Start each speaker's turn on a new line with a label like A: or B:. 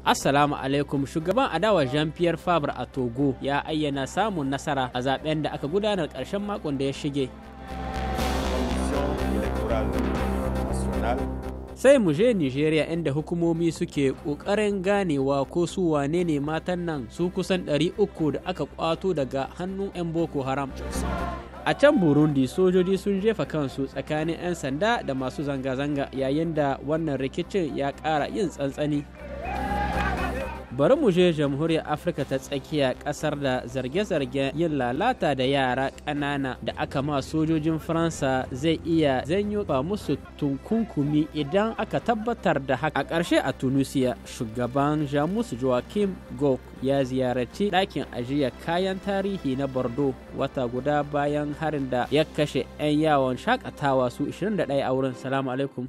A: Assalamu alaikum shugaban adawa Jean-Pierre Fabre a Togo ya ayyana samun nasara a zaben da aka gudanar ƙarshen makon da ya shige. Sai mu je Nigeria inda hukumomi suke ƙoƙarin ganewa ko su wane ne matan nan su kusan 300 da aka kwato daga hannun 'yan Boko Haram. a can burundi sojoji sun jefa kansu tsakanin 'yan sanda da masu zanga-zanga yayin da wannan rikicin ya ƙara yin tsantsani bari mu je jamhuriyar afirka ta tsakiya kasar da zarge-zargen yin lalata da yara ƙanana da aka ma sojojin faransa zai iya zanyo ba musu tunkunkumi idan aka tabbatar da haka a ƙarshe a tunisia shugaban jamus joachim gok ya ziyarci ɗakin ajiya kayan tarihi na bordeaux wata guda bayan harin da ya kashe 'yan yawon shakatawa su 21 a wurin salamu alaikum